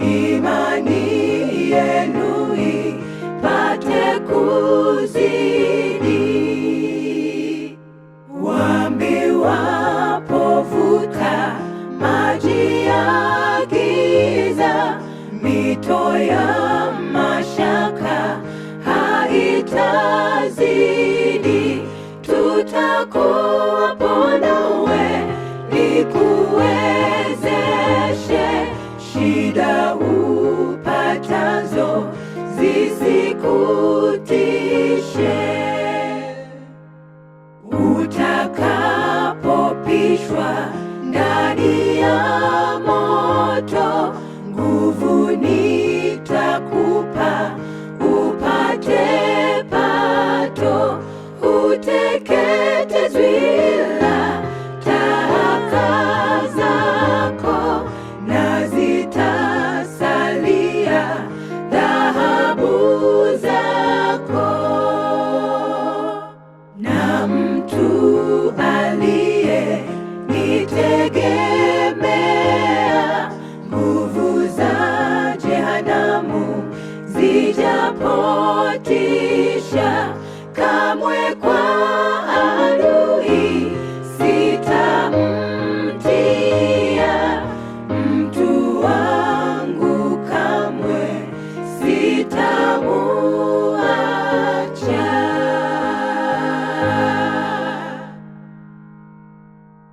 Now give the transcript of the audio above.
imani yenu ipate kuzidi. vuta maji ya giza, mito ya mashaka haitazidi, tutakuwa pamoja nawe, nikuwe shida upatazo zisikutishe, utakapopishwa ndani ya moto, nguvu nitakupa upate pato, uteketezwe sijapotisha kamwe kwa adui, sitamtia mtu wangu kamwe sitamu